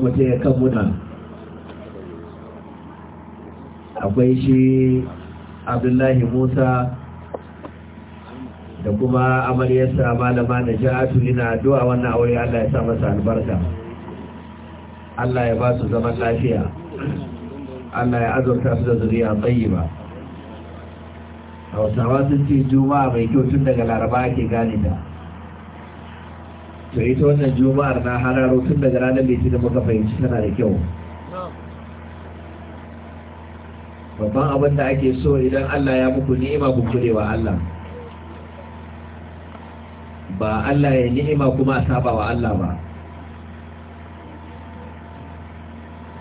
kuma ya kan muna akwai shi abdullahi musa da kuma amaryarsa malama na ja'atu ina addu'a wannan aure Allah ya sa masa albarka Allah ya ba su zaman lafiya Allah ya azurta su da zuriya tayyiba Hausawa sun ce juma'a mai kyau tun daga Laraba ake gane da. to ita wannan juma'ar na hararo tun daga ranar litinin muka fahimci tana da kyau babban abin da ake so idan Allah ya muku ni'ima ku kure wa Allah ba Allah ya ni'ima kuma saba wa Allah ba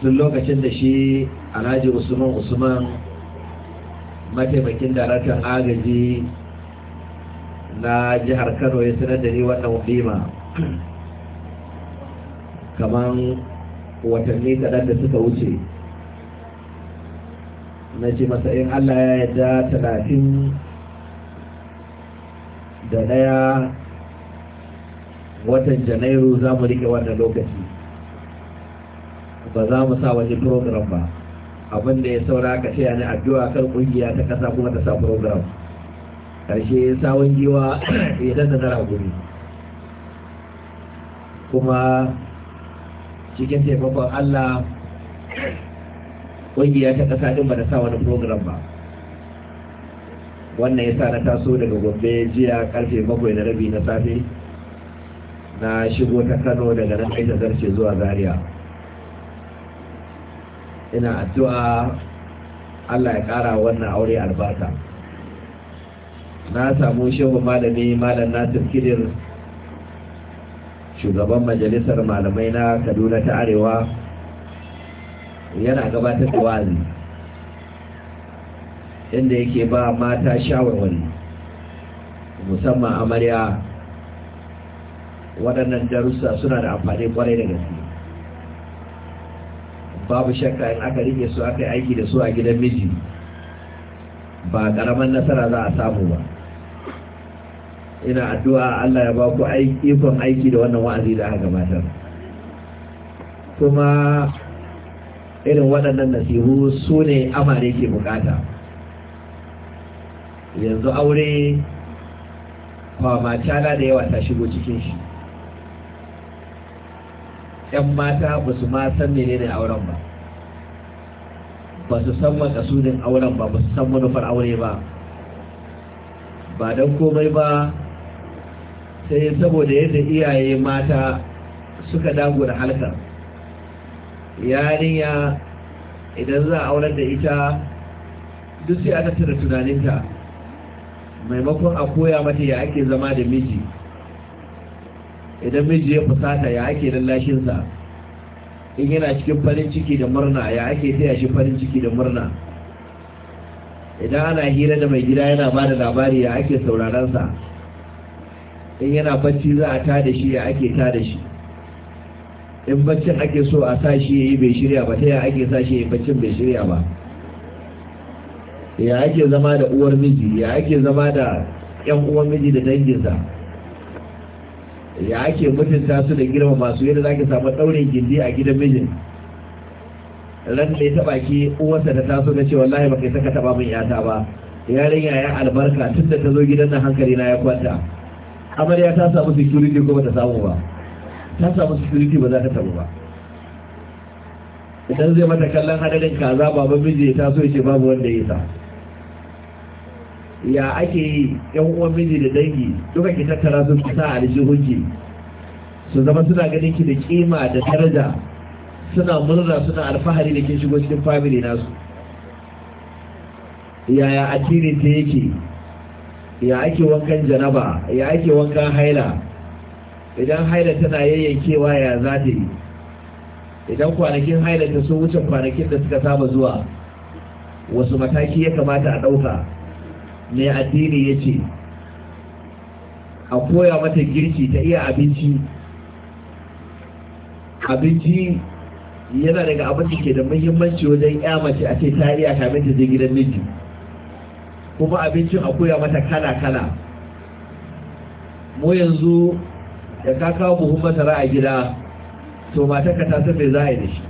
tun lokacin da shi alhaji usman usman mataimakin daraktan agaji na jihar kano ya sanar da ni wannan wima kamar watanni kaɗan da suka wuce na ce masa in allah ya yarda talatin da ɗaya watan janairu za mu riƙe wannan lokaci ba za mu sa wani program ba abin da ya saura ka ce yana addu'a kan ƙungiya ta kasa kuma ta sa program ƙarshe sawun giwa ya dana na raguni kuma cikin taimakon Allah ƙungiya ta ƙasa ɗin ba da sa wani program ba wannan ya sa na taso daga gombe jiya karfe bakwai na rabi na safe na shigo ta kano daga nan kai zarce zuwa zaria ina addu'a allah ya ƙara wannan aure albarka na samu shehu malami malam nasir kidir shugaban majalisar malamai na kaduna ta arewa yana gabatar da wazi inda yake ba mata shawarwari musamman amarya waɗannan darussa suna da amfani kwarai da gaske babu shakka in aka rike su aka yi aiki da su a gidan miji ba ƙaramin nasara za a samu ba ina addu'a Allah ya ba ku ikon aiki da wannan wa'azi da aka gabata. kuma irin waɗannan nasihu su ne amare ke bukata yanzu aure kwamata da yawa ta shigo cikin shi ‘yan mata ba su ma san ne ne auren ba ba su san makasudin auren ba ba su san manufar aure ba ba don komai ba sai saboda yadda iyaye mata suka dago da halkar yarinya idan za a aurar da ita duk sai a tattara tunaninta maimakon a koya mata ya ake zama da miji idan miji ya fusata ya ake lallashinsa in yana cikin farin ciki da murna ya ake taya shi farin ciki da murna idan ana hira da mai gida yana ba da labari ya ake saurarensa in yana bacci za a ta da shi ya ake ta da shi in baccin ake so a sa shi ya yi bai shirya ba ta ya ake sa shi ya yi baccin bai shirya ba ya ake zama da uwar miji ya ake zama da yan uwar miji da danginsa ya ake mutunta su da girma masu yadda za ki samu ɗaurin gindi a gidan mijin ran da ya taɓa ki uwarsa ta taso na ce wallahi ba kai saka taɓa min yata ba yarinya ya albarka tun da ta zo gidan nan hankali na ya kwanta amarya ta samu security ko bata samu ba ta samu security ba za ta samu ba idan zai mata kallon hadarin kaza baba miji ta so ce babu wanda ya sa ya ake yi yan uwan miji da dangi duka ki tattara su ta a aljihunki su zama suna ganin ki da kima da daraja suna murna suna alfahari da ke shigo cikin family nasu yaya addini ta yake ya ake wankan janaba ya ake wankan haila idan haila tana yayyankewa ya za yi idan kwanakin haila ta so wuce kwanakin da suka saba zuwa wasu mataki ya kamata a ɗauka mai addini ya ce a koya mata girki ta iya abinci abinci yana daga abinci ke da muhimmanci wajen ya mace a ce ta iya kamin ta je gidan miji kuma abincin a koya mata kala-kala mu yanzu da ka kawo buhun masara a gida to mata ka tasa mai za a yi da shi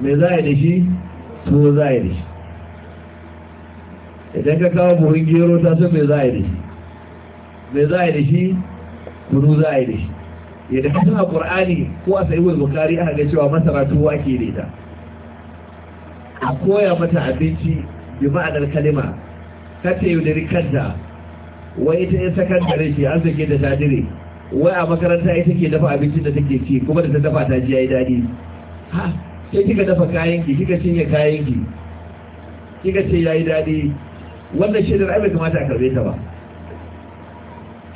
mai za a yi da shi to za a yi da shi idan ka kawo buhun gero tasa mai za a yi da shi mai za a yi da shi kunu za a yi da shi yadda kasan a ƙur'ani ko a sa'iwar bukari aka ga cewa masara tuwa ke da ita a koya mata abinci bi ma'anar kalima kata da kanta wai ita sakan sakandare ce an zage da tadire wai a makaranta ita ke dafa abincin da take ci kuma da ta dafa ta ji yayi daɗi ha sai kika dafa kayan ki kika cinye kayan ki kika ce yayi daɗi wannan shaidar ai bai kamata a karbe ta ba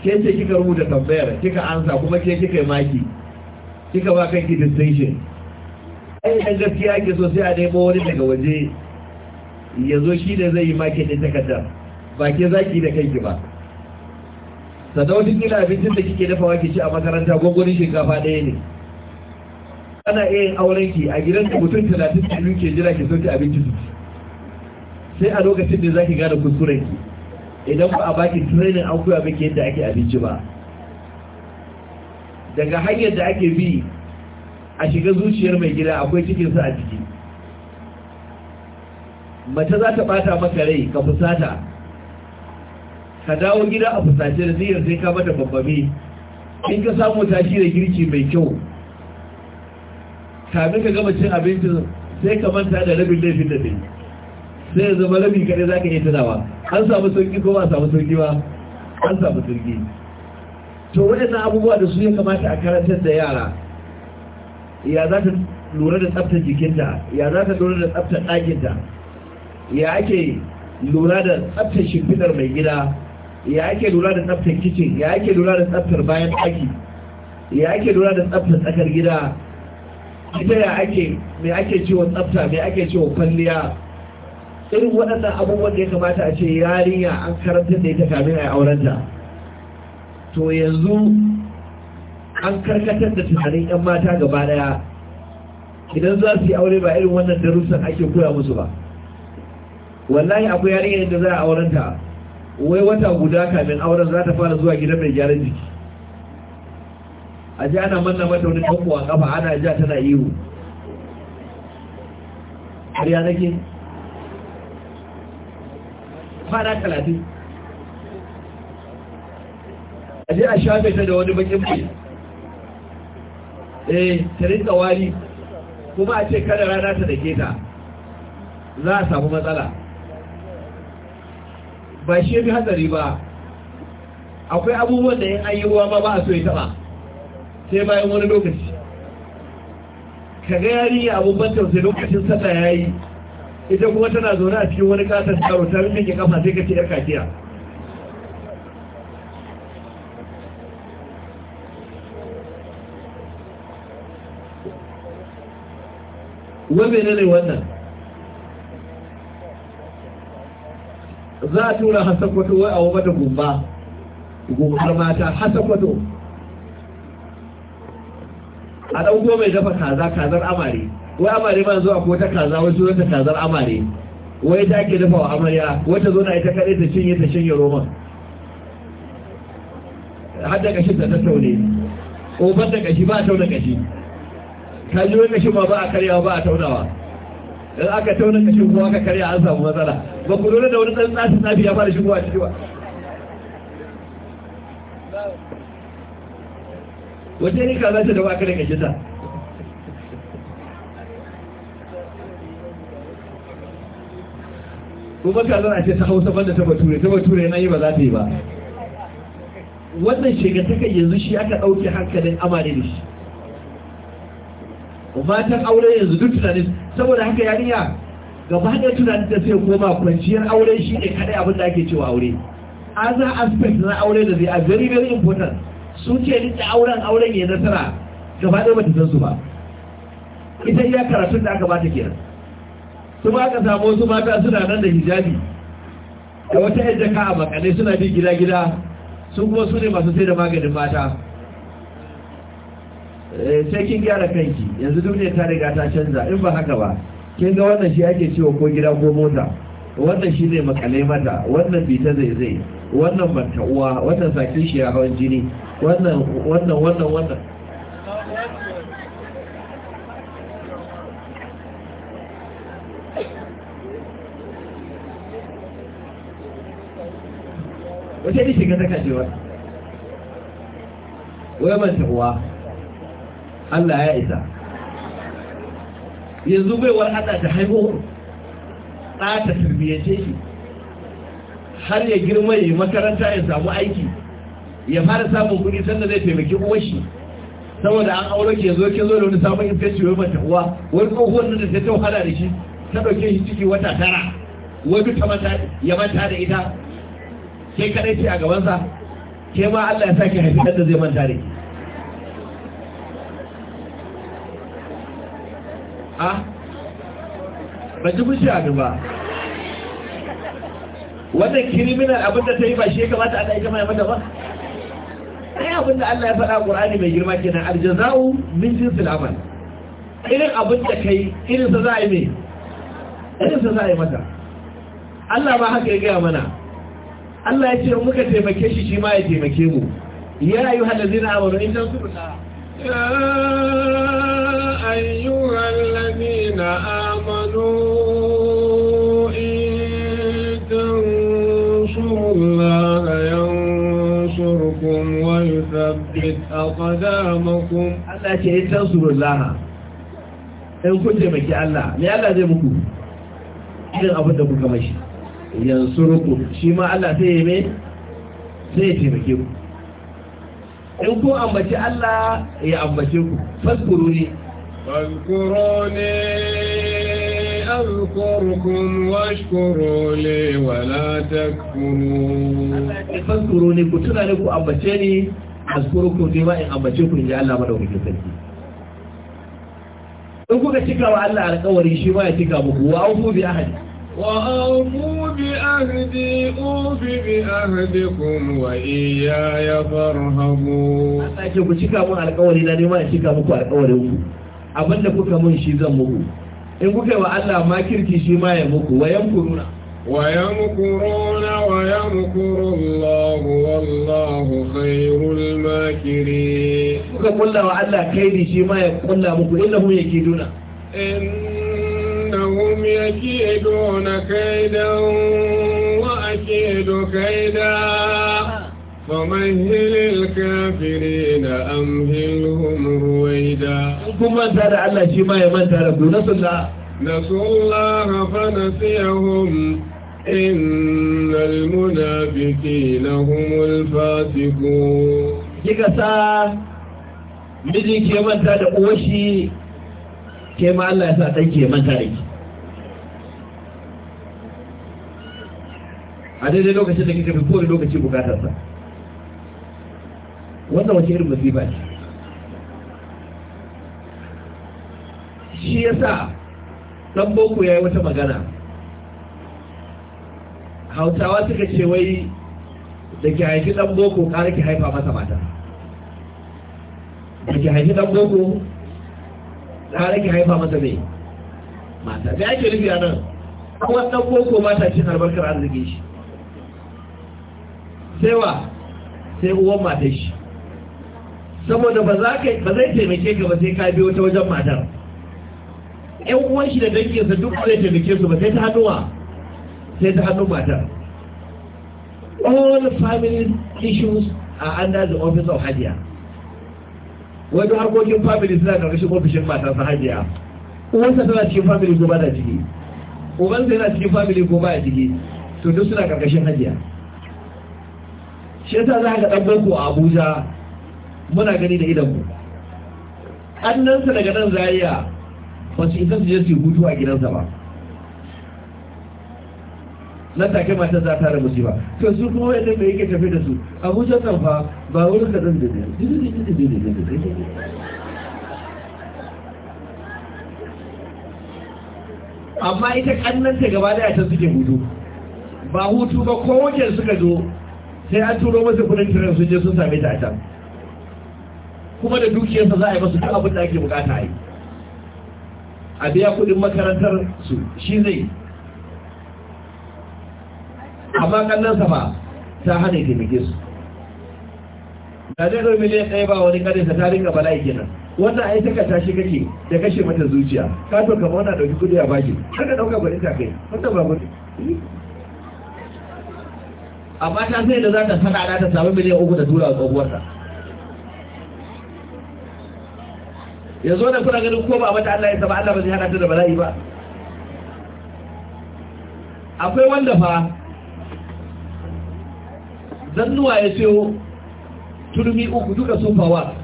ke ce kika rubuta tambayar kika ansa kuma ke kika yi maki kika ba kanki distinction ai yan gaskiya ke so sai a nemo wani daga waje ya zo shi da zai yi makin ne takardar ba ke zaki da kanki ba sadaudin wani kila abincin da kike dafa ke ci a makaranta gwangwanin shinkafa ɗaya ne ana iya yin auren ki a gidan da mutum talatin da ke jira ki sauke abinci su sai a lokacin da zaki gane kuskuren ki idan ba a baki training an koya miki yadda ake abinci ba daga hanyar da ake bi a shiga zuciyar mai gida akwai cikinsa a ciki mace za ta bata maka rai ka fusata ka dawo gida a fusace da ziyar sai ka mata babbame in ka samu tashi da girki mai kyau kamin ka gama cin abinci sai ka manta da rabin laifin da dai sai ya zama rabi kaɗai za ka yi tunawa an samu sauƙi ko ba samu sauƙi ba an samu sauƙi to waɗannan abubuwa da su ya kamata a karantar da yara ya za ta lura da tsaftar jikinta ya za ta lura da tsaftar ɗakinta ya ake lura da tsaftar shimfidar mai gida ya ake lura da tsaftar kicin ya ake lura da tsaftar bayan ɗaki ya ake lura da tsaftar tsakar gida ita ya ake mai ake ciwon tsafta mai ake ciwon kwalliya irin waɗannan abubuwan da ya kamata a ce yarinya an karanta da ita kamin a aurenta to yanzu an karkatar da tunanin 'yan mata gaba ɗaya idan za su yi aure ba irin wannan darussan ake koya musu ba wallahi akwai yarinyar da za a auren ta. wai wata guda kamin auren za ta fara zuwa gidan mai gyaran jiki a ji ana manna mata wani kanko a kafa ana ja tana ihu har ya nake fara talatin a ji a shafe ta da wani bakin mai eh ta rinka wari kuma a ce kada rana ta dake ta za a samu matsala ba shi fi hatsari ba akwai abubuwan da yin ayyuwa ma ba a so ya taba sai bayan wani lokaci ka ga yari abubuwan tausayi lokacin sata ya yi ita kuma tana zaune a cikin wani kasar taro ta rufe ke kafa sai ka ce yar kakiya wabe ne ne wannan za a tura hasan kwato wai a wa mata gumba gumbar mata hasan kwato. a ɗauko mai dafa kaza kazar amare wai amare ma zuwa ko ta kaza wai zuwa ta kazar amare wai ta ke dafa wa amarya wata zo na ita kaɗai ta cinye ta cinye roman har da kashin tattaune. ta taune ƙofar da kashi ba a tauna kashi kalli wani kashin ma ba a karyawa ba a taunawa in aka tauna kashin kuma aka karya an samu matsala ba ku da wani ɗan tsafi tsafi ya fara shigowa ciki ba wace ne kaza ta da baka da kashe kuma kaza na ce ta hausa banda ta bature ta bature na yi ba za ta yi ba wannan kai yanzu shi aka ɗauke hankalin amalin da shi matan aure yanzu duk tunanin saboda haka yarinya gaba da tunanin da sai koma kwanciyar aure shi ne kaɗai abin da ake cewa aure other aspect na aure da zai a very very important su ce da auren auren ya nasara gaba ɗaya ba ta san su ba ita iya karatun da aka bata kenan su ba ka samu wasu mata suna nan da hijabi da wata yadda ka a makane suna bi gida-gida sun kuma su ne masu sai da maganin mata eh, sai kin gyara kanki yanzu duniya ta riga ta canza in ba haka ba kin ga wannan shi ake cewa ko gida ko mota wannan shi zai makale mata wannan bita zai zai wannan banta uwa wannan sakin shi ya hawan jini wannan wannan wannan wannan wace ne shiga ta kashewa wai manta uwa Allah ya isa yanzu baiwar hada da haihuwar ɗa ta shi har ya girma ya makaranta ya samu aiki ya fara samun kuɗi sannan zai taimaki uwar shi saboda an aure ke zo ke zo da wani samun iskanci wai mata uwa wani tsohuwar nan da ta wahala da shi ta ɗauke shi ciki wata tara wani ta mata ya manta da ita ke kaɗai ce a gabansa ke ma Allah ya sake haifi da zai manta da ke a ba ji mushi a ba wannan kiriminal abin da ta yi ba shi ya kamata a kama mai mata ba ai abin da Allah ya faɗa Qur'ani mai girma nan aljaza'u min jin amal irin abin da yi irin sa za a yi mai irin sa za a yi mata Allah ba haka ya gaya mana Allah ya ce muka taimake shi shi ma ya taimake mu ya ayyuhal wani amanu su tansurullah أيها الذين آمنوا Allah ce yi ينصركم Allah أقدامكم الله in kun taimaki Allah ne Allah zai muku irin abin da kuka mashi yansuruku shi ma Allah sai yi mai, sai ya taimake ku in ku ambaci Allah ya ambace ku fasfuru ne فاذكروني أذكركم واشكروا لي ولا تكفرون فاذكروني كنت لكم أبتني أذكركم فيما إن أبتكم إن جعل الله مدعوك سلسي in kuka cika wa Allah alƙawari shi ma ya cika muku wa aufu bi ahadi wa aufu bi ahadi ufi bi ahdikum wa iyaya farhamu Allah ce ku cika mun alƙawari na nema ma ya cika muku alƙawarin ku da kuka mun shi zan muku in kuka wa Allah ma kirki shi ma ya muku wayan kuruna wayan kuruna wayan kurullahu wallahu khairul makiri kuka kulla wa Allah kaidi shi ma ya kulla muku innahum yakiduna innahum yakiduna kaidan wa akidu kaidan فمهل الكافرين أمهلهم رويدا كما سارع الله شما يمن تاربو نسوا الله نسوا الله فنسيهم إن المنافقين هم الفاسقون kika sa miji ke manta da uwashi ke ma Allah ya ɗan ke manta da ki a daidai lokacin da kika fi lokaci wannan wace irin masifa ne. shi sa ɗan boko yi wata magana hautawa suka ce wai da ke haifi ɗan boko ƙara ki haifa masa mata da ke haifi ɗan boko ƙara ki haifa masa mai mata da ya ke nufi a nan kawai ɗan boko mata cin da arziki shi sai wa sai uwan mata shi saboda ba zai taimake ka ba sai ka biyo ta wajen matar yan uwan shi da danginsa duk zai taimake su ba sai ta hannuwa sai ta hannun matar all family issues are under the office of hajiya Wani harkokin family suna karkashin ofishin matarsa hajiya uwansa tana cikin family ko ba da ciki ubansa na cikin family ko ba a ciki to duk suna karkashin hajiya shi yasa za ka ɗan boko a abuja muna gani da idan nan annansa daga nan zariya ba su isa su je su hutu a gidansa ba nan take mata za ta rabu ba to su kuma wanda mai yake tafi da su A kan fa ba wurin ka zan da amma ita kannanta gaba da ta suke hutu ba hutu ba ko wajen suka zo sai an turo masa kudin kiran sun je sun same ta a can kuma da dukiyarsa za a yi masu duk abin da ake bukata yi a biya kudin makarantar su shi zai amma kannansa ba ta hana ya taimake su da zai ɗau miliyan ɗaya ba wani ƙarinsa ta ringa bala'i kenan wannan ai taka tashi kake da kashe mata zuciya ka to kamar wannan ɗauki kudi a baki har ka ɗauka kuɗin ta kai wannan ba kudi amma ta sai da za ta sana ta samu miliyan uku da tura a tsohuwarta yanzu da kuna ganin ko ba mata Allah ya saba Allah ba zai hana ta da bala'i ba akwai wanda fa zannuwa ya sayo turmi uku duka sun fawa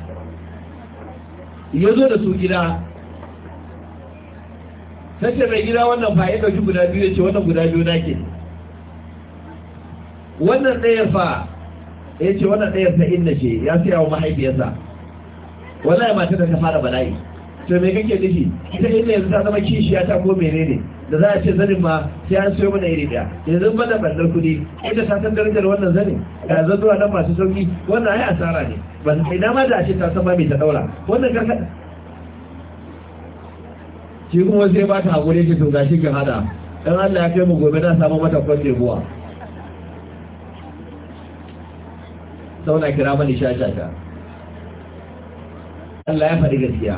ya zo da su gida sace mai gida wannan fa ya ɗauki guda biyu ya ce wannan guda biyu na ke wannan ɗayar fa ya ce wannan ɗayar ta inda ce ya siya wa mahaifiyarsa wallahi mata da ta fara bala'i to me kake nufi ita ita yanzu ta zama kishiya ta ko menene da za a ce zanin ma sai an sayo mana iri daya yanzu mana bandar kudi ita ta san darajar wannan zanin ga zanzuwa nan masu sauki wannan ai asara ne ba sai ma da a ce ta san ma mai ta daura wannan karkada shi kuma sai ba ta hakuri ki to shi ki hada dan Allah ya kai mu gobe na samu mata kwace buwa sauna kira mani sha-sha-sha Allah ya faɗi gaskiya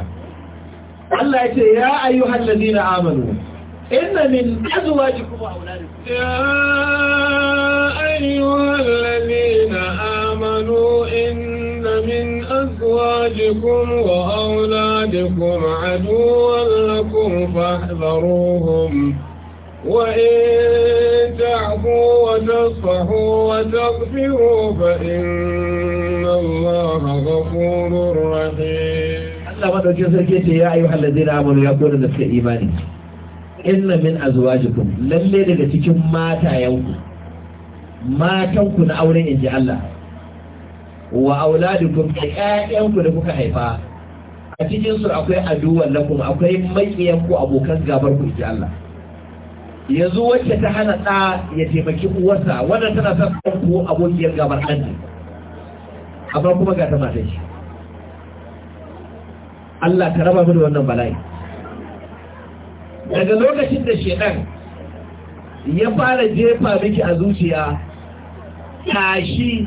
Allah ya ce ya ayyuhal ladina amanu inna min azwajikum wa auladikum ya ayyuhal ladina amanu inna min azwajikum wa auladikum aduwwan lakum fahdharuhum وإن تعفوا وتصفحوا وتغفروا فإن الله غفور رحيم Allah madaukin sarki ce ya ayyuhal na amanu ya kone da suka imani inna min jikun lalle daga cikin matayanku matanku na auren inji Allah wa auladukum da ƴaƴanku da kuka haifa a cikin su akwai aduwan lakum akwai maƙiyanku abokan gabar ku inji Allah yanzu wacce ta hana ɗa ya taimaki uwarsa wannan tana sa ku abokiyar gabar ɗan amma kuma ga ta matan shi Allah ka raba mu da wannan bala'i daga lokacin da shedan ya fara jefa miki a zuciya tashi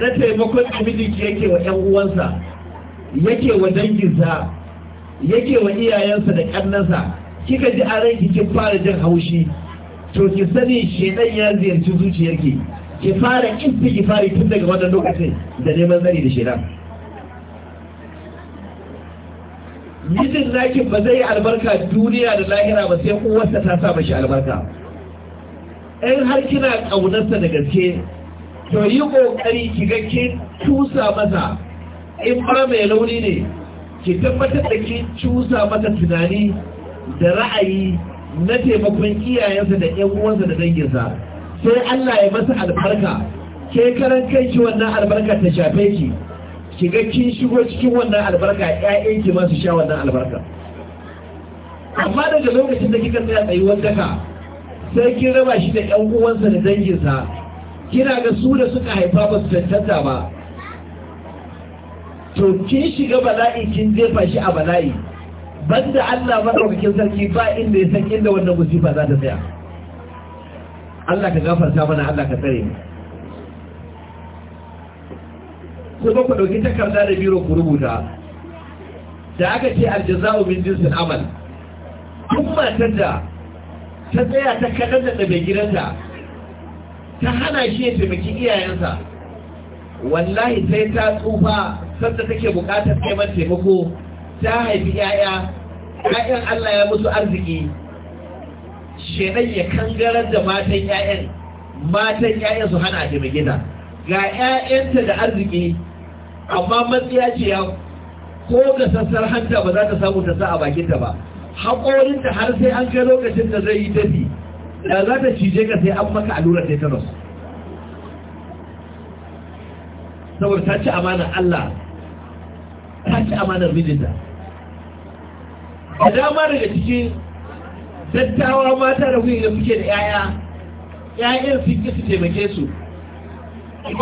na taimakon ki yake wa ‘yan uwansa yake wa danginsa yake wa iyayensa da ƙannansa kika ji a ranki kin fara jin haushi to ki sani shedan ya ziyarci zuciyarki ki fara istighfari tun daga wannan lokacin da neman zari da shedan mijin nakin ba zai yi albarka duniya da lahira ba sai uwarsa ta sa mashi albarka in har kina ƙaunarsa da gaske to yi ƙoƙari ki ga ki cusa masa in ba mai launi ne ki tabbatar da ki cusa masa tunani da ra'ayi na taimakon iyayensa da ƴan uwansa da danginsa sai Allah ya masa albarka ke karan kai ki wannan albarka ta shafe ki ki ga kin shigo cikin wannan albarka ƴaƴan ki ma su sha wannan albarka amma daga lokacin da kika tsaya wanda ka sai kin raba shi da ƴan uwansa da danginsa kina ga su da suka haifa ba su tantanta ba to kin shiga bala'i kin jefa shi a bala'i banda Allah madaukakin sarki ba inda ya san inda wannan musifa za ta tsaya Allah ka gafarta mana Allah ka tsare mu sai ba ku ɗauki takarda da biro ku rubuta da aka ce aljaza'u min jinsin amal Tun matan da ta tsaya ta kaɗan da ɗabe gidanta ta hana shi ya taimaki iyayensa wallahi sai ta tsufa sanda take buƙatar kaiman taimako ta haifi 'ya'ya 'ya'yan Allah ya musu arziki shedan ya kangarar da matan 'ya'yan matan 'ya'yan su hana a taimake ga 'ya'yanta da arziki amma matsiya ce ya ko ga sassar hanta ba za ta samu ta sa a bakinta ba haƙorinta har sai an kai lokacin da zai yi tafi da za ta cije ka sai an maka allurar tetanus saboda ta ci amanar Allah ta ci amanar mijinta da dama daga cikin dattawa mata da kuyi da suke da 'ya'ya 'ya'yan su su taimake su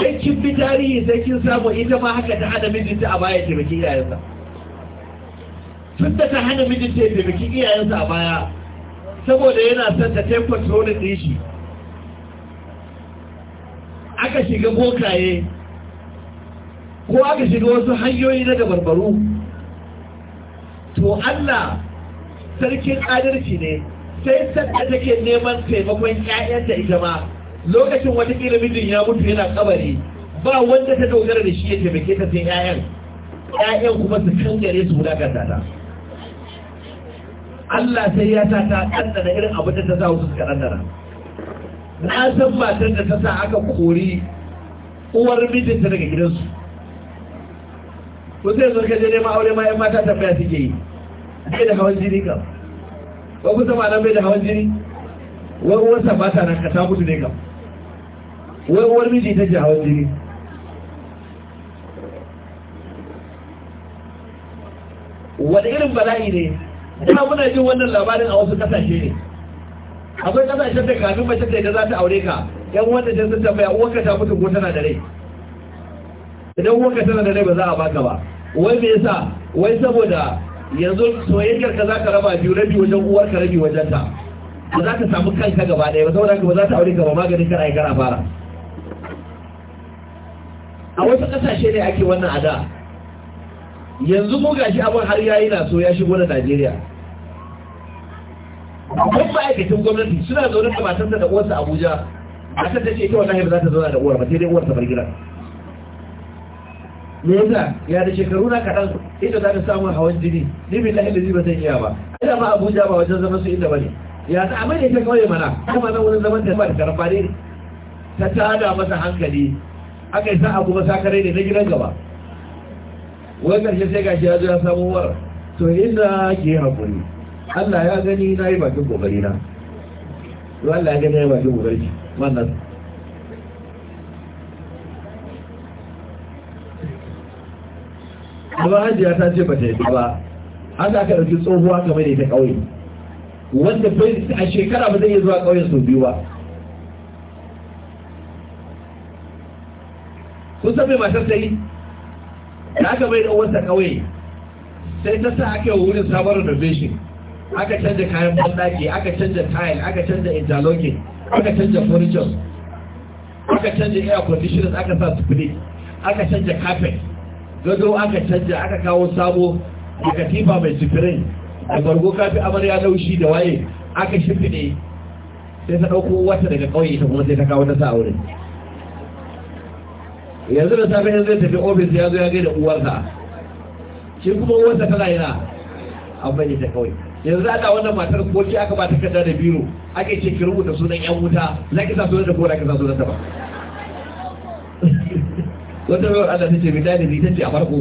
idan kin bi tarihi sai kin samu ita ma haka ta hana mijinta a baya taimaki iyayensa tun da ta hana mijinta ya taimaki iyayensa a baya saboda yana son ta take control din shi aka shiga bokaye ko aka shiga wasu hanyoyi na dabarbaru to Allah sarkin adalci ne sai sadda take neman taimakon 'ya'yanta ita ma lokacin wata kila mijin ya mutu yana kabari ba wanda ta dogara da shi ya taimake ta sai ƴaƴan ƴaƴan kuma su kangare su wulakanta ta Allah sai ya sa ta ɗanɗana irin abin da ta sa su suka ɗanɗana na san matar da ta sa aka kori uwar ta daga gidansu ko sai ka je neman aure ma 'yan mata tambaya suke yi bai da hawan jini kam ba kusa ma nan bai da hawan jini wani wasa ba ta nan ka ta mutu ne kam wai uwar miji ta hawan jini wani irin bala'i ne ina muna jin wannan labarin a wasu kasashe ne akwai kasashen da kafin mace ta idan za ta aure ka yan wanda ta sun tambaya ka ta mutu ko tana da rai idan uwar ka tana da rai ba za a baka ba wai me yasa wai saboda yanzu soyayyar ka za ka raba biyu rabi wajen ka rabi wajen ta ba za ka samu kanka gaba ɗaya ba saboda ba za ta aure ka ba maganin kana ai kana fara a wasu ƙasashe ne ake wannan ada yanzu mu gashi abin har yayi na so ya shigo da Najeriya kun ma'aikatan gwamnati suna zaune da matarsa da uwarsa Abuja a ta ce ita wallahi ba za ta zauna da uwar ba sai dai uwar ta bar gidan me yasa ya da shekaru na kaɗan ita za ta samu hawan jini ni bi lahi da ba zan iya ba ina ma abuja ba wajen zama su inda ba ne ya ta amma ne ta kawai mana kuma nan wurin zaman ta ba da karfa ne ta tada masa hankali aka yi sa abu ba sakare ne na gidan gaba wani ƙarshe sai gashi ya zo ya samu war to inda ke haƙuri Allah ya gani na yi bakin kokari na Allah ya gani na yi bakin shi wannan kuma hajiya ta ce ba ta yi ba an aka ɗauki tsohuwa kamar da ta ƙauye wanda bai a shekara ba zai iya zuwa ƙauyen sau biyu ba kun san mai matar ta yi da aka bai da wata kawai sai ta sa aka yi wurin sabon renovation aka canja kayan bandaki aka canja tile aka canja interlocking aka canja furniture aka canja air conditioners aka sa split aka canja carpet gado aka canza, aka kawo sabo da katifa mai sifirin da bargo kafi amarya laushi da waye aka shimfiɗe sai ta ɗauko wata daga ƙauye ta kuma sai ta kawo ta sa a yanzu da safe zai tafi ofis ya zo ya gaida uwarsa shi kuma uwarsa tana yana an bane ta kawai yanzu ana wannan matar ko ki aka ba ta kada da biro ake ce ki rubuta sunan yan wuta na kisa sunan da kora kisa sunan ta ba wata bai Allah ta ce mai dalibi ta ce a farko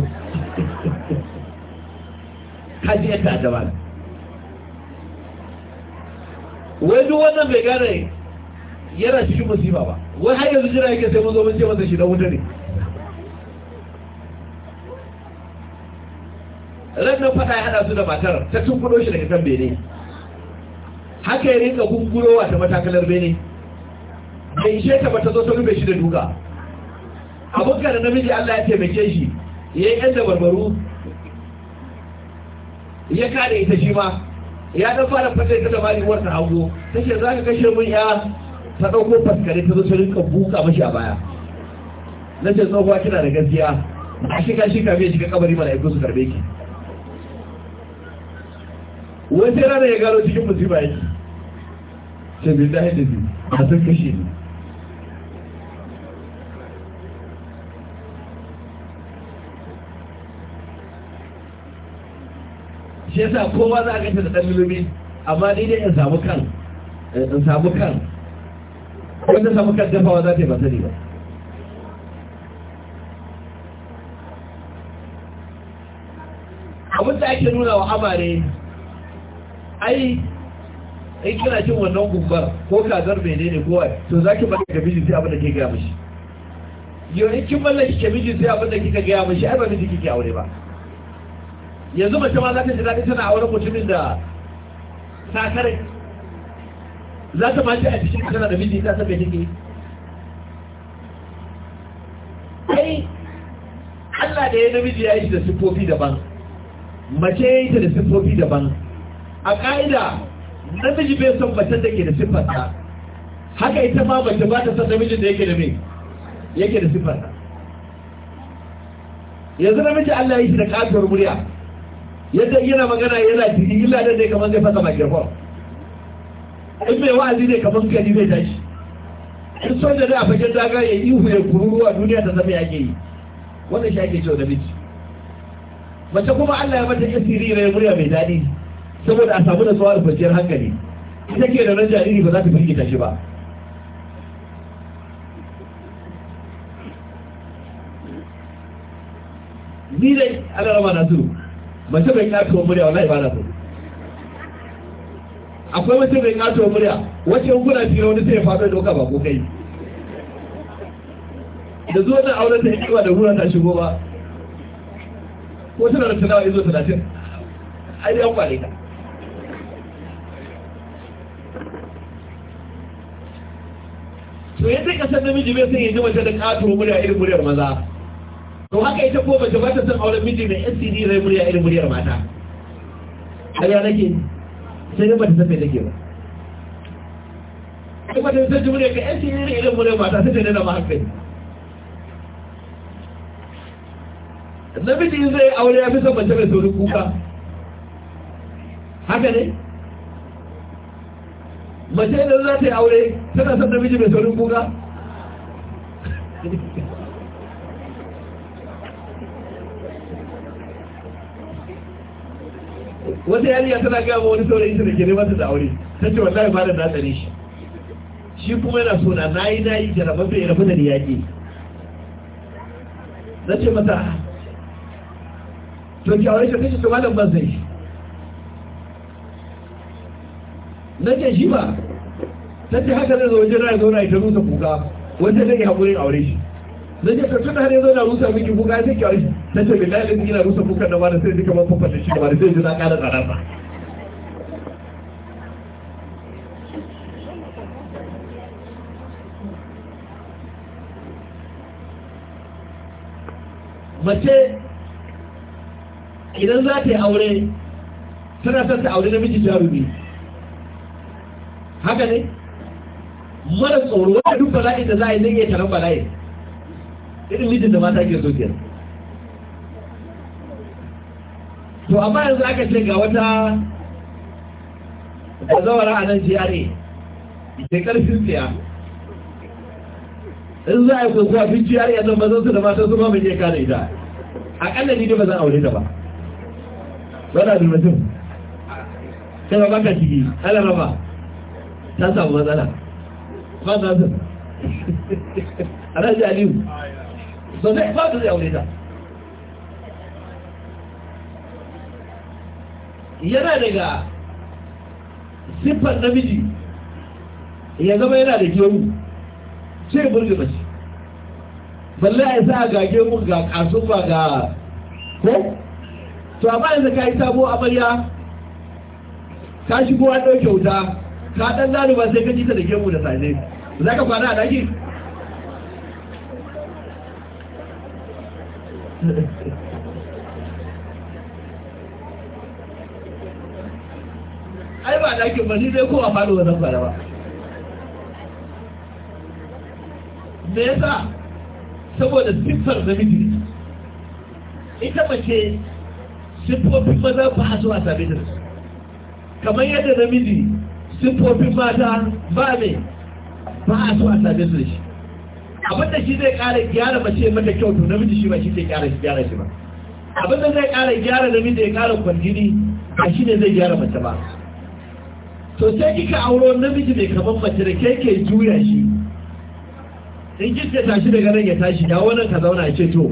ji ta ta ba wai duk wannan bai gane yana cikin musiba ba wai har yanzu jira yake sai mun zo mun ce masa shi dan wuta ne ranar fada ya hada su da matar ta tunkudo shi daga kan bene haka ya rinka gungurowa ta matakalar bene bai ishe ta bata zo ta rube shi da duka ka da namiji Allah ya taimake shi ya yi yan da barbaru ya kada ita shi ma ya ɗan fara fata ita da mali uwar ta ta ce za ka kashe mun ya ta ɗauko faskare ta zo ta rinka buka mashi a baya na ce tsohuwa kina da gaskiya a shika shiga mai shiga kabari mala'iku su karbe ki wai sai rana ya gano cikin musiba yake sai bin da haidu a sun kashe ne shi yasa kowa za a ganta da ɗan amma ni dai in samu kan in samu kan wanda samu kan dafawa za ta yi ba sani ba abin da ake nuna wa amare ai in kina jin wannan gumbar ko kazar ko kowa to za ki mallaki miji sai abin da ke gaya mishi yau in kin mallaki ke miji sai abin da kika gaya mishi ai ba miji kike aure ba yanzu mace ma za ta ji daɗi tana auren mutumin da ta kare za ta shi a cikin tana da miji ta sabbe take ai Allah da ya namiji ya yi shi da siffofi daban mace ya yi ta da siffofi daban a ƙa'ida namiji bai son macen da ke da siffarta haka ita ma mace ba ta son namijin da yake da mai yake da siffarta yanzu namiji Allah ya shi da ƙatuwar murya yadda yana magana yana jiri illa da ne kamar zai fasa microphone in mai wa'azi ne kamar gani zai tashi in son da a fagen daga ya ihu ya kururuwa duniya ta zama yake yi wannan shi ake cewa namiji mace kuma Allah ya mata asiri ne murya mai daɗi saboda a samu nasuwa da kwanciyar hankali ita ke da ran jariri ba za ta firgita shi ba ni dai ana rama na zuru mace bai wa murya wallahi ba na zuru akwai mace bai wa murya wacce na fiye wani sai ya faɗo da wuka ba ko kai da zuwa na auren da hikima da hura ta shigo ba ko tana da tunawa izo talatin ai dai kwale ka to yadda kasar namiji bai san ya ji mace da kato murya irin muryar maza to haka ita ko mace ba ta san auren miji mai STD rai murya irin muryar mata har ya nake sai ne bata ta san nake ba in bata ta san ji muryar ka STD rai irin muryar mata sai ta nuna ma hankali namiji zai aure ya fi san mace mai sauri kuka haka ne mace idan za ta yi aure tana son namiji mai saurin kuka wata yariya tana gaya ma wani saurayi ta da ke neman da aure ta ce wallahi ba da na tsare shi shi kuma yana so na yi na yi da rabar ya rabu da ni yaƙi na ce mata ah, to ki aure shi ta ce to malam ban zai nake shi ba ta ce haka zai zo wajen na zauna ita rusa kuka wanda zai haƙurin aure shi na ce tattun har yanzu na rusa miki kuka ya take aure shi na ce bin lalin ina rusa kuka da wani sai duka mafafa da shi da wani sai jina ƙara ba mace idan za ta yi aure tana son ta aure namiji jarumi haka ne mara tsoro wanda duk bala'in da za a yi zai iya taron bala'in irin mijin da mata ke so kenan to amma yanzu aka ce ga wata da zawara a nan GRA ita karfin tsaya in za a yi kokowa fi GRA zan bazan su da matan su ma mai je da ita akalla ni dai ba zan aure ta ba wadda da mutum sai ba baka ciki ala raba ta samu matsala ba ba zai yana daga siffar namiji ya zama yana da gemu ce burge mace balle ya sa ga gemu ga kasuwa ga ko to amma yanzu ka yi sabo amarya ka shigo an ɗauke wuta ka dan zalu ba sai ka ji ta da gemu da sane za ka kwana a daki ai ba dakin ba ni dai ko a faɗo ba zan kwana ba me yasa saboda siffar namiji ita mace siffofin maza ba a so a same ta kamar yadda namiji siffofin mata ba ne ba a so a same su da shi abinda shi zai kara gyara mace mata kyau to namiji shi ba shi zai kara shi gyara shi ba abinda zai kara gyara namiji ya kara kwangini a shi ne zai gyara mace ba to sai kika auro namiji mai kamar mace da ke ke juya shi in kin ta tashi daga nan ya tashi da wannan ka zauna ya ce to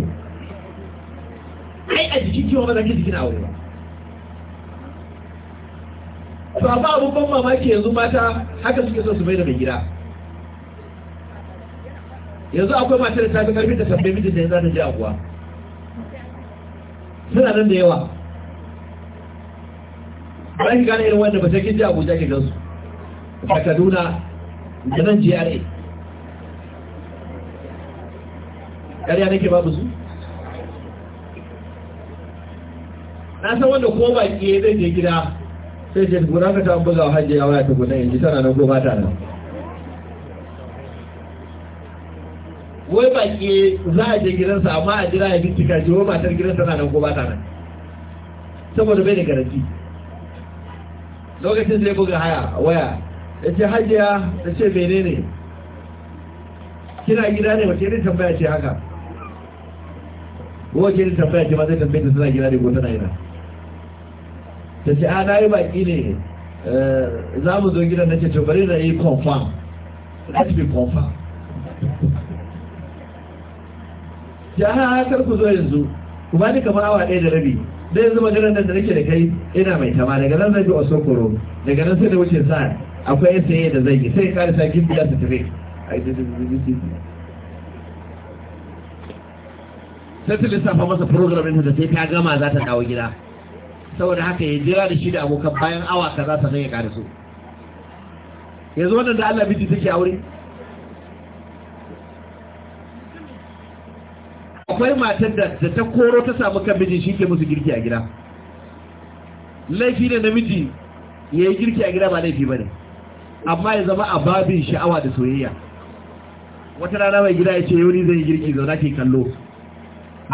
ai a jikin kiwa maza ki jikin aure ba. to ba abubuwan ban mamaki yanzu mata haka suke son su mai da mai gida yanzu akwai mata da tafi karfi da tambayi mijin da ya za ji je suna nan da yawa ba ki gane irin wanda ba ta kinji abuja ke gansu a kaduna da nan GRA ƙarya nake babu su na san wanda ko ba ke zai je gida sai ce guna ka ta buga hajji a waya tukuna in ji tana na ko ba ta nan wai baki za a je gidansa amma a jira ya bincika ji wai matar gidansa na nan ko ba ta nan saboda bai da garanti lokacin zai buga haya waya ya ce hajjiya ta ce ne kina gida ne wace ne tambaya ce haka wace ne tambaya ce ma zai tambaya ta suna gida ne ko tana gida ta ce a na yi baki ne eh, za mu zo gidan na ce to bari na yi confirm let me confirm ya ha kar ku zo yanzu kuma ni kamar awa ɗaya da rabi da yanzu maganar nan da nake da kai ina mai tama daga nan zai bi sokoro daga nan sai da wuce sa akwai yan yi da zai yi sai kare ta gimbi da su tafi sai ta lissafa masa programin da sai ta gama za ta dawo gida saboda haka ya jira da shi da abokan bayan awa kaza sannan ya zo wannan da Allah biji take aure akwai matar da ta koro ta samu kan mijin shi ke musu girki a gida laifi da namiji ya yi girki a gida ba laifi ba ne amma ya zama a babin sha'awa da soyayya wata rana mai gida ya ce yau ni zai girki zauna ke kallo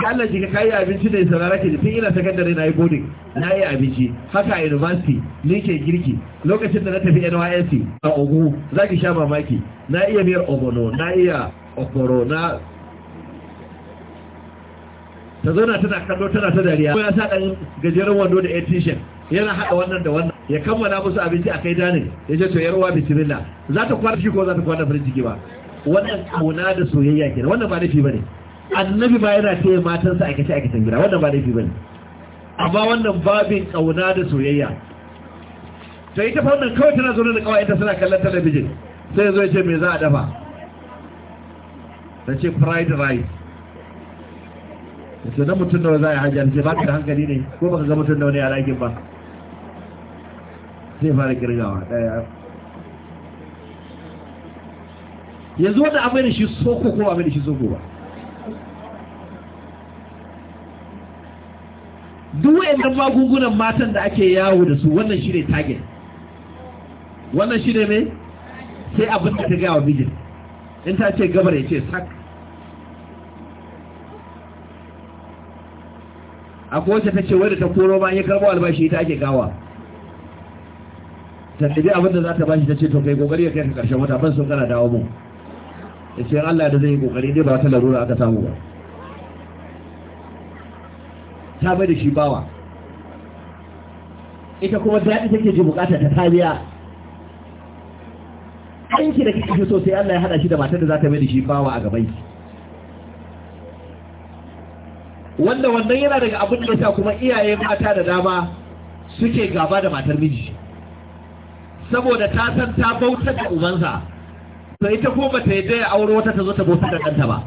ga Allah shi ka kai abinci ne saurara ke tun ina sakandare na yi boarding na yi abinci haka a university ni ke girki lokacin da na tafi NYSC a Ogu za ki sha mamaki na iya miyar ogono na iya okoro na ta zauna tana kallo tana ta dariya ko ya sa dan gajeren wando da air t-shirt yana hada wannan da wannan ya kammala musu abinci a kai dani ya ce to 'Yar yarwa bismillah za ta kwana shi ko za ta kwana farin ciki ba wannan kauna da soyayya kenan wannan ba nufi bane annabi ma yana ce matansa aikace aikacen gida wannan ba laifi bane amma wannan babin kauna da soyayya Sai ta fannin kawai tana zaune da kawai ta suna kallon talabijin sai zo ce me za a dafa ta ce fried rice da na mutum nawa za a yi hajji ce ba ka da hankali ne ko baka ga mutum nawa ne a ɗakin ba Sai fara girgawa daya yanzu wani abin da shi soko ko abin da shi soko ba duk wayannan magungunan matan da ake yawo da su wannan shi ne target wannan shi ne mai sai abin da ta gaya wa mijin in ta ce gabar ya ce sak a kowace ta ce wadda ta koro ma yi karbo albashi ta ake gawa ta ɗabi abin da za ta bashi ta ce to kai kokari ya kai ka ƙarshen wata ban sun kana dawo mu ya ce Allah da zai yi kokari ne ba ta larura aka samu ba ta bai da shi bawa ita kuma daɗi take ji bukata ta taliya ɗanki da kake so sosai Allah ya haɗa shi da matar da za ta mai da shi bawa a gaban ki wanda wannan yana daga abin da yasa kuma iyaye mata da dama suke gaba da matar miji saboda ta san ta bauta da ubansa to ita ko ba ta yadda ya auro wata ta zo ta bauta da ɗanta ba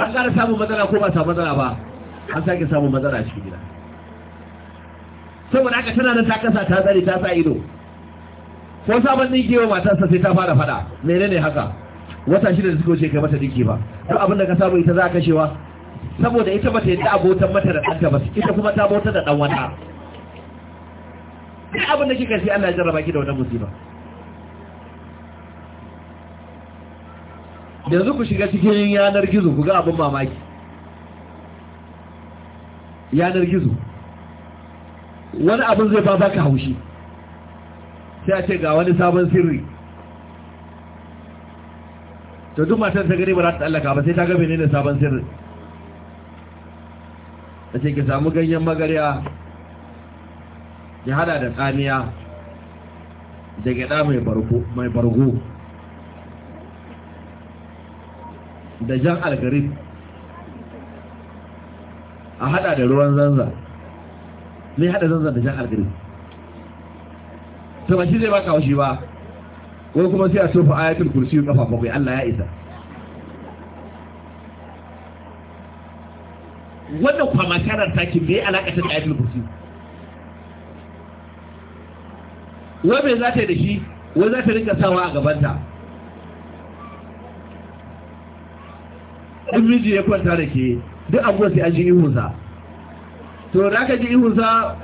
an ƙara samun matsala ko ba samu matsala ba an sake samun matsala a cikin gida saboda haka tana nan ta kasa ta tsare ta sa ido ko sabon dinki wa matarsa sai ta fara fada menene haka wata shida da suka wuce kai mata dinki ba duk abin da ka samu ita za a kashewa saboda ita bata yadda abotan mata da ɗanta ba ita kuma ta bauta da ɗan wata duk abin da kika sai Allah ya jarraba ki da wannan musiba yanzu ku shiga cikin yanar gizo ku ga abin mamaki yanar gizo wani abin zai ba baka haushi sai a ce ga wani sabon sirri ta duk matar ta gari ba za ta tsallaka ba sai ta gabe ne da sabon sirri ta ce ki samu ganyen magarya ki hada da tsamiya da gida mai bargo da jan algarib a hada da ruwan zanza zai hada zanza da jan algari Ta ba shi zai baka washi ba ko kuma sai a sofa ayatul kursi kafa bakwai Allah ya isa wannan kwama karar taki bai alakatar da ayatul kursi wai bai za ta yi da shi wai za ta rinka sawa a gabanta in miji ya kwanta da ke duk abuwa sai an ji ihunsa to da aka ji ihunsa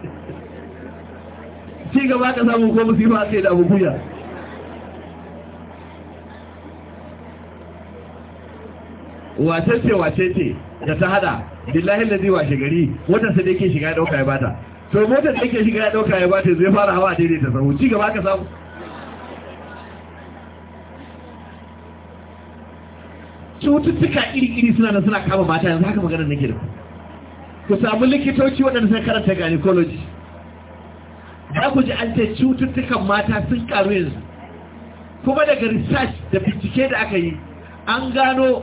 ci gaba ka samu ko musifa sai da abubuwa wace ce wace ce da ta hada billahi lazi washe gari wata sai da yake shiga ya dauka ya bata to motar da yake shiga ya dauka ya bata zai fara hawa daidai ta sahu ci gaba ka samu cututtuka iri-iri suna nan suna kama mata yanzu haka maganar nake da ku samu likitoci waɗanda sai karanta gynecology za ku ji an ce cututtukan mata sun karu yanzu kuma daga research da bincike da aka yi an gano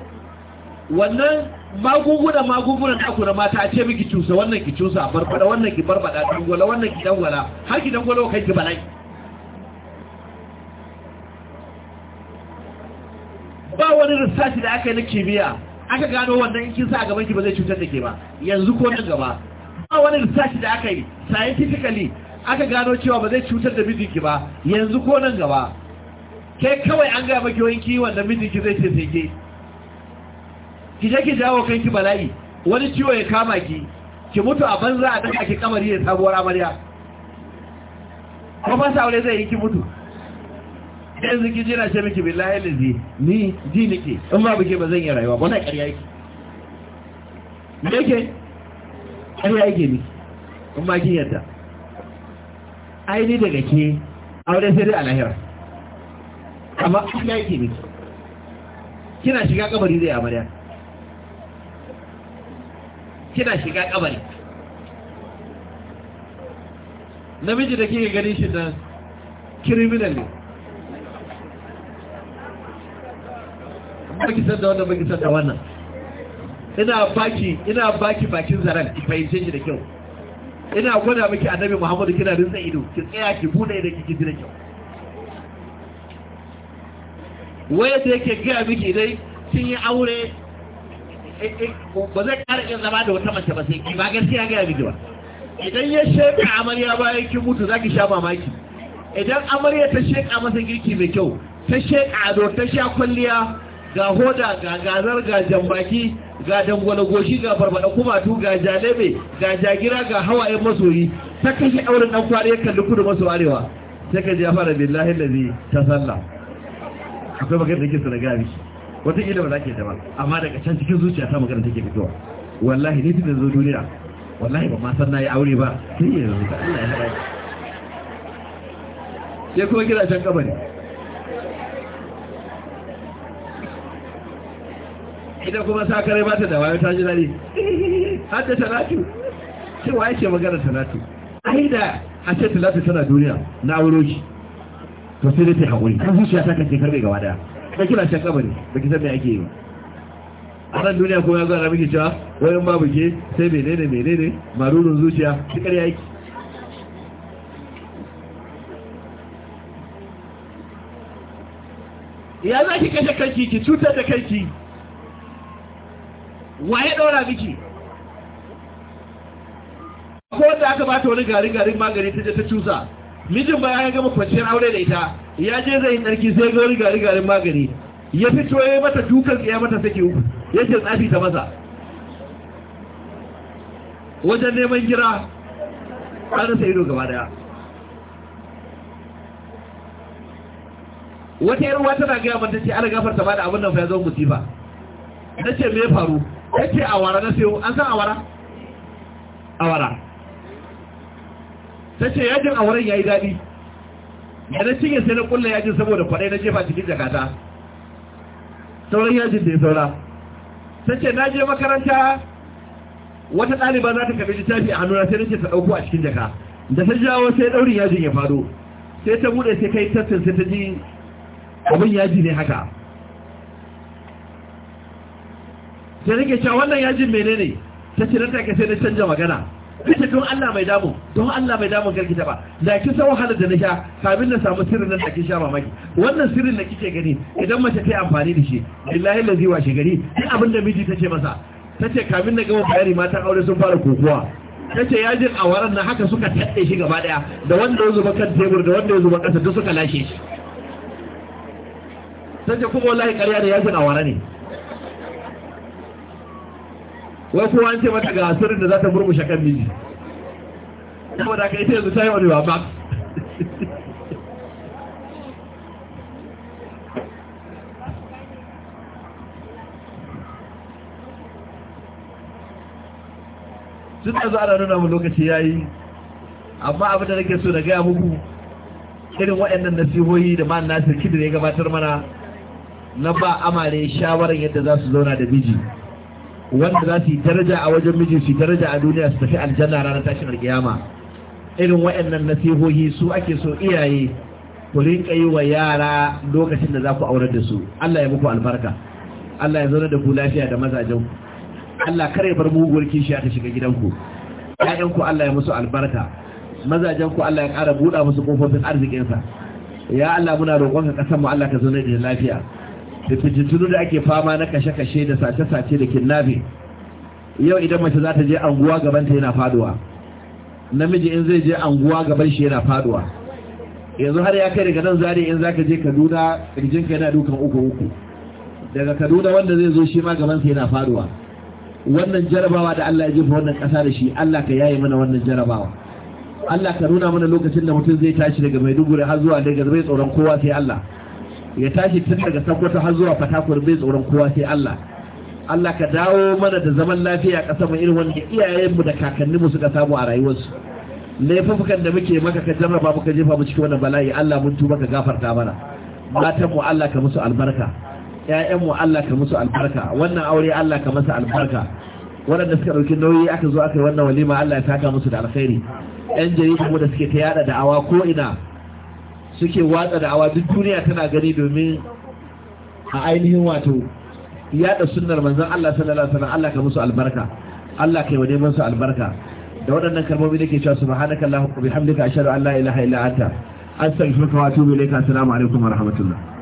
wannan magunguna magungunan aku na mata a ce miki cusa wannan ki cusa barbada wannan ki barbada dangwala wannan ki dangwala har ki dangwala kai ki bala'i da aka yi na kimiyya aka gano wannan kin sa a gaban ki ba zai cutar da ke ba yanzu ko nan gaba ba wani research da aka yi scientifically aka gano cewa ba zai cutar da ki ba yanzu ko nan gaba kai kawai an gaya maki wani kiwon da ki zai ce sai ke ki je ki jawo kanki bala'i wani ciwo ya kama ki ki mutu a banza a daka ki kamar yin sabuwar amarya ko ba sa wani zai yi ki mutu yanzu ki jira shi miki billahi lazi ni ji nake in ba buke ba zan yi rayuwa wannan ƙarya yake me yake ƙarya yake ni in ba ki yadda ai ni daga ke aure sai dai a lahira amma ƙarya yake ni kina shiga kabari zai amarya kina shiga kabari namiji da kike gani shi nan criminal ne baki san da wannan baki san da wannan ina baki ina baki bakin zaran ki fahimce shi da kyau ina gwada miki annabi Muhammadu kina rinsa ido ki tsaya ki bude ido ki ji da kyau waye da yake gaya miki dai kin yi aure eh, eh, ba zai kara yin zama da wata mace ba sai ki ba gaskiya gaya miki ba idan ya sheka amarya bayan kin mutu zaki sha mamaki idan amarya ta sheka masa girki mai kyau ta sheka ado ta sha kwalliya ga hoda ga gazar ga jambaki ga dangwale goshi ga farfada kumatu ga jalebe ga jagira ga hawayen masoyi ta kashe auren dan kwari ya kalli kudu maso arewa sai ka ji ya fara billahi lazi ta salla akwai magana da ke sana gari wata ila ba za ke jama amma daga can cikin zuciya ta magana take fitowa wallahi ni tun zo duniya wallahi ba ma san na yi aure ba sai yanzu ta Allah ya haɗa Ya kuma kira can kabari Idan kuma sa kare ba ta da wayo ta ji dare har da talatu shi waye ce magana talatu ai da a ce talatu tana duniya na wuro shi to sai dai ta haƙuri kan zuciya ta kace karbe gaba daya ka kira shi kabari da kisan me ake yi ba a nan duniya kuma ya zo ana miki cewa wayan babu ke sai menene menene marurun zuciya shi kare yake ya za ki kashe kanki ki cutar da kanki wa ya ɗora miki ko da aka bata wani garin garin magani ta je ta cusa mijin ba ya gama kwanciyar aure da ita ya je zai yi sai ga wani garin garin magani ya fito ya mata dukan ya mata sake uku ce tsafi ta masa wajen neman gira an sai ido gaba daya wata yarwa tana gaya mata ce ana gafarta ba da abin nan fa ya zo musifa na ce me ya faru yake awara na sai an san awara? awara ta ce yajin awaran ya yi daɗi ya na cinye sai na ƙulla yajin saboda kwaɗai na jefa cikin jakata sauran yajin da ya saura ta ce na je makaranta wata ɗaliba za ta kaɓe littafi a hannuna sai nake ta ɗauko a cikin jaka da ta jawo sai ɗaurin yajin ya faɗo sai ta buɗe sai kai tattin sai ta ji abin yaji ne haka sai rike cewa wannan yajin menene ta ce nan take sai na canja magana kace don Allah Mai damu don Allah bai damu garki da ki sa wahala da na sha kamin na samu sirrin nan da ki sha mamaki wannan sirrin da kike gani idan mace ta yi amfani da shi billahi lazi shi gari duk abin da miji tace masa tace kamin na gama bayani matan aure sun fara kokowa tace yajin a waran na haka suka tadde shi gaba daya da wanda ya zuba kan tebur da wanda ya zuba kasa duk suka lashe shi tace kuma wallahi ƙarya da yajin awara ne wasu an ce mata ga asirin da za ta murmushe kan miji kuma da ka yi yanzu ta yi wani ba max sun ɗazu ana nuna mu lokaci ya yi amma abin da nake so na gaya muku irin waɗannan nasihohi da ma'an nasir kidir ya gabatar mana na ba amare shawarar yadda za su zauna da miji wanda za su yi daraja a wajen mijin su daraja a duniya su tafi aljanna ranar tashin alkiyama irin wa'annan nasihohi su ake so iyaye ku rinka yi wa yara lokacin da za ku aurar da su Allah ya muku albarka Allah ya zauna da ku lafiya da mazajen Allah kare bar muguwar kishiya ta shiga gidanku ku Allah ya musu albarka mazajen ku Allah ya ƙara buɗa musu kofofin arzikinsa ya Allah muna roƙonka ƙasar mu Allah ka zauna da lafiya da fitintunu da ake fama na kashe-kashe da sace-sace da kinnabi yau idan mace za ta je anguwa ta yana faduwa namiji in zai je anguwa gaban shi yana faduwa yanzu har ya kai daga nan zari in za ka je kaduna ƙirjinka yana dukan uku uku daga kaduna wanda zai zo shi ma sa yana faduwa wannan jarabawa da Allah ya jefa wannan ƙasa da shi Allah ka yaye mana wannan jarabawa Allah ka nuna mana lokacin da mutum zai tashi daga Maiduguri har zuwa daga zai tsoron kowa sai Allah ya tashi tun daga sakwata har zuwa Fatakwar bai tsoron kowa sai Allah Allah ka dawo mana da zaman lafiya ƙasa mu irin wanda iyayenmu da kakanninmu suka samu a rayuwarsu laifukan da muke maka ka jarraba muka jefa mu cikin wannan bala'i Allah mun tuba ka gafarta mana matan mu Allah ka musu albarka ƴaƴan Allah ka musu albarka wannan aure Allah ka masa albarka waɗanda suka ɗauki nauyi aka zo aka yi wannan walima Allah ya taka musu da alkhairi ƴan jaridu da suke ta yada da'awa ko ina suke watsa da'awa duk duniya tana gani domin a ainihin wato yada sunnar manzon Allah sallallahu alaihi wasallam Allah ka musu albarka Allah kai wa neman su albarka da waɗannan kalmomi nake cewa subhanaka allahumma bihamdika ashhadu an la ilaha illa anta astaghfiruka wa atubu ilayka assalamu alaikum wa rahmatullah